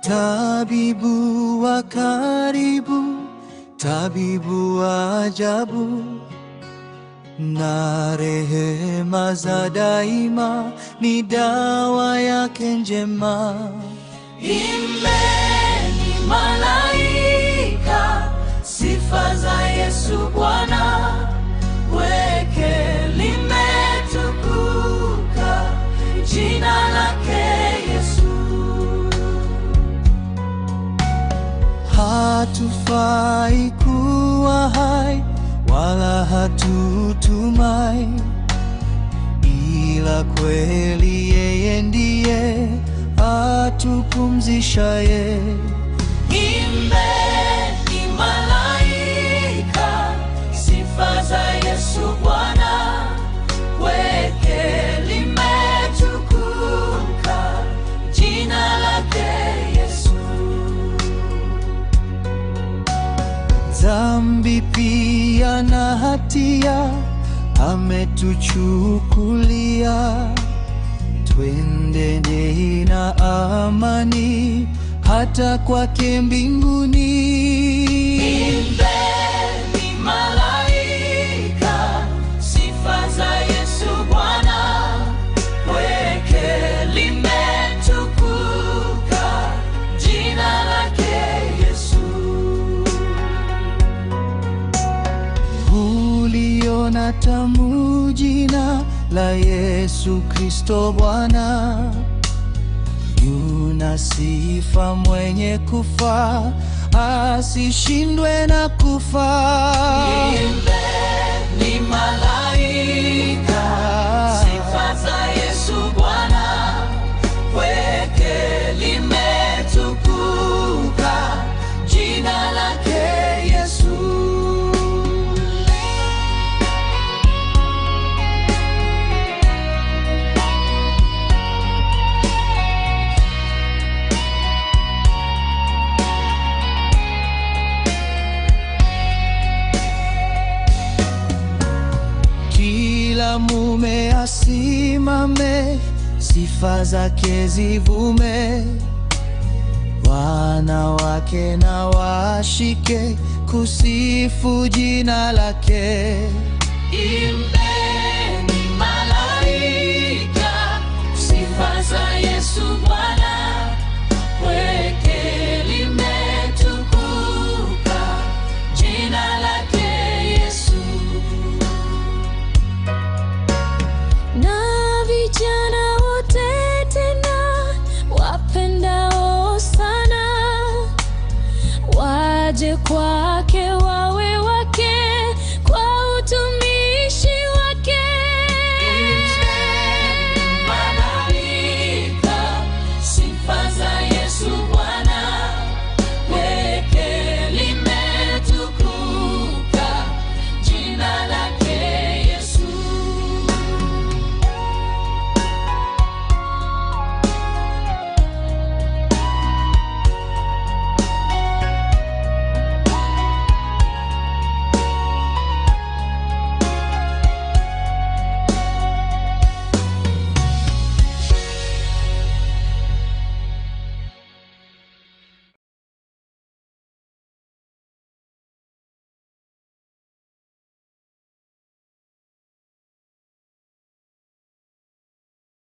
Tabibu wa karibu, tabibu wa ajabu, na rehema za daima ni dawa yake njema. Imbeni malaika sifa za Yesu Bwana. hatufai kuwa hai wala hatutumai, ila kweli yeye ndiye atupumzishaye. Imbe dhambi pia na hatia ametuchukulia, twendeni na amani hata kwake mbinguni. tamu jina la Yesu Kristo Bwana, yuna sifa mwenye kufa asishindwe na kufa. Ni malaika mume asimame, sifa zake zivume, wanawake na washike kusifu jina lake. de qualquer